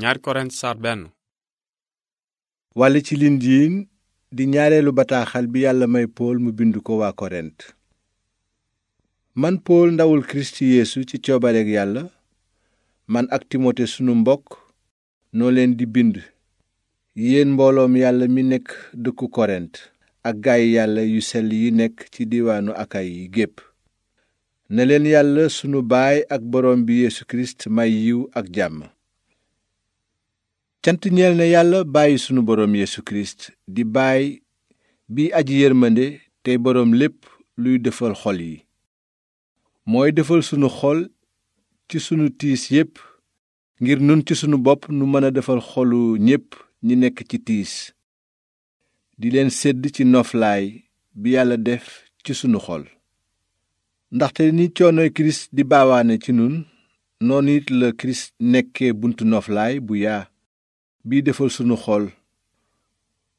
ñaar korent sar benn walla ci lindiin di ñaareelu bataaxal bi yàlla may pool mu bind ko waa korent man pool ndawul kirist yeesu ci coobaleek yàlla man ak timote sunu mbokk noo leen di bind yéen mbooloom yàlla mi nekk dëkku korent ak gaay yàlla yu sell yi nekk ci diiwaanu akay yi gépp ne leen yàlla sunu baay ak boroom bi yeesu kirist may yiw ak jàmm cant ñeel na yàlla bàyyi sunu boroom Yeesu Kirist di baay bi aji yërmande tey boroom lépp luy defal xol yi mooy defal sunu xol ci sunu tiis yépp ngir nun ci sunu bopp nu mën a defal xolu ñépp ñi nekk ci tiis di leen sedd ci noflaay bi yàlla def ci sunu xol ndaxte ni coonoy kirist di baawaane ci nun noonu it la kirist nekke buntu noflaay bu yaa bii defal sunu xol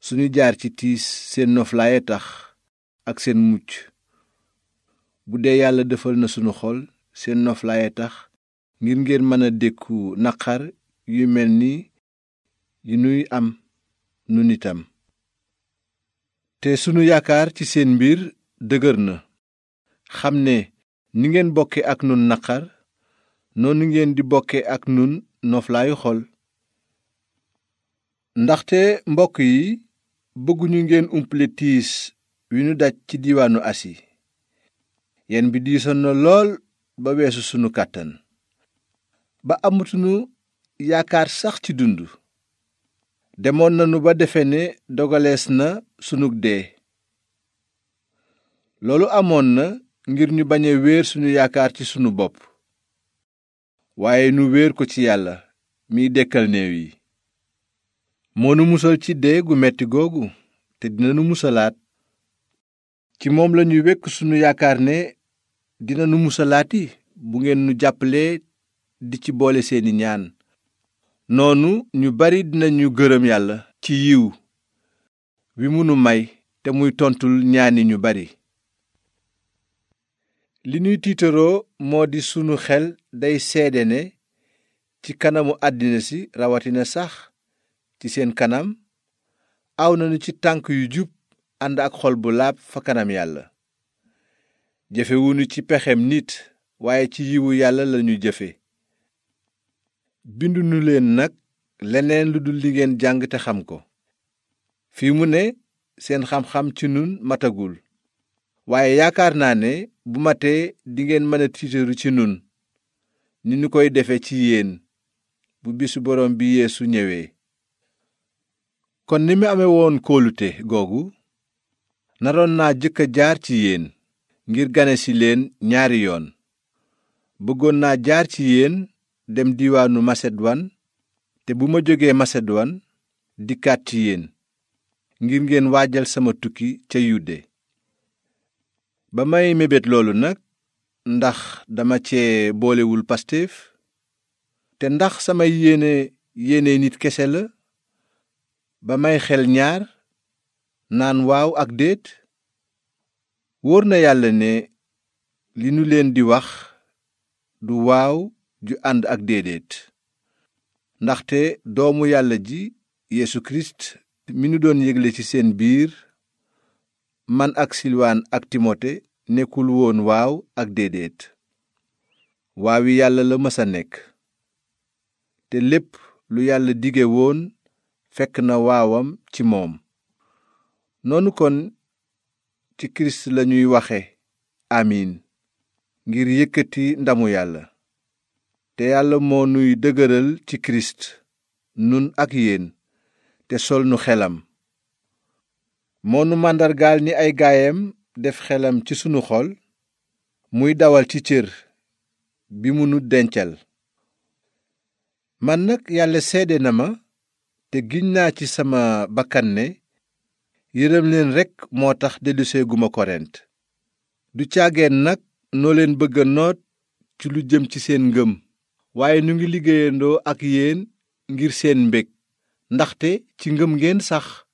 suñu jaar ci tiis seen noflaay tax ak seen mucc bu dee yàlla defal na sunu xol seen noflaay tax ngir ngeen mën a dékku naqar yu mel ni yu nuy am nun itam te sunu yaakaar ci seen mbir dëgër na xam ne ni ngeen bokke ak nun naqar noonu ngeen di bokke ak nun noflaayu xol ndaxte mbokk yi bëgguñu ngeen umpale tiis wi nu daj ci diiwaanu asi yenn bi diisoon na lool ba weesu sunu kàttan ba amatunu yaakaar sax ci dund demoon nanu ba defe ne dogalees na sunug dee loolu amoon na ngir ñu bañ a wéer sunu yaakaar ci sunu bopp waaye nu wéer ko ci yàlla miy dekkal néew yi moo nu musal ci dee gu metti googu te dina musalaat ci moom lañuy wékk sunu yaakaar ne dina nu musalaati bu ngeen nu jàppalee di ci boole seeni ñaan noonu ñu bari dinañu gërëm yàlla ci yiw wi mënu may te muy tontul ñaani ñu bari li nuy tiitaroo moo di sunu xel day seede ne ci kanamu àddina si rawatina sax ci seen kanam aw nañu ci tànk yu jub ànd ak xol bu laab fa kanam yàlla jëfewuñu ci pexem nit waaye ci yiwu yàlla la lañu jëfe binduñu leen nag leneen lu dul li ngeen jàng te xam ko fii mu ne seen xam-xam ci nun matagul waaye yaakaar naa ne bu matee dingeen mën a tiitaru ci nun ni ñu koy defe ci yéen bu bisu borom bi Yeesu ñëwee kon ni mu amee woon kóolute googu naroon naa jëkk a jaar ci yéen ngir ganesi leen ñaari yoon bëggoon naa jaar ci yéen dem diiwaanu masedwan te bu ma jógee masedwan dikkaat ci yéen ngir ngeen waajal sama tukki ca yudde ba may mébét loolu nag ndax dama cee boolewul Pastef te ndax sama yéene yéene nit kese la ba may xel ñaar naan waaw ak déet wóor na yàlla ne li nu leen di wax du waaw ju ànd ak déedéet ndaxte doomu yàlla ji Yeesu Kirist mi nu doon yégle ci seen biir man ak silwaan ak timote nekkul woon waaw ak déedéet waawi yàlla la mës a nekk te lépp lu yàlla dige woon fekk na waawam ci moom noonu kon ci kirist lañuy waxe amiin ngir yëkkati ndamu yàlla te yàlla moo nuy dëgëral ci kirist nun ak yéen te sol nu xelam moo nu màndargaal ni ay gaayam def xelam ci sunu xol muy dawal ci cër bi mu nu dencal yàlla seede na ma te giñ naa ci sama bakkan ne yërëm leen rekk moo tax delluseeguma korent du caageen nag noo leen bëgg a noot ci lu jëm ci seen ngëm waaye nu ngi liggéeyandoo ak yéen ngir seen mbég ndaxte ci ngëm ngeen sax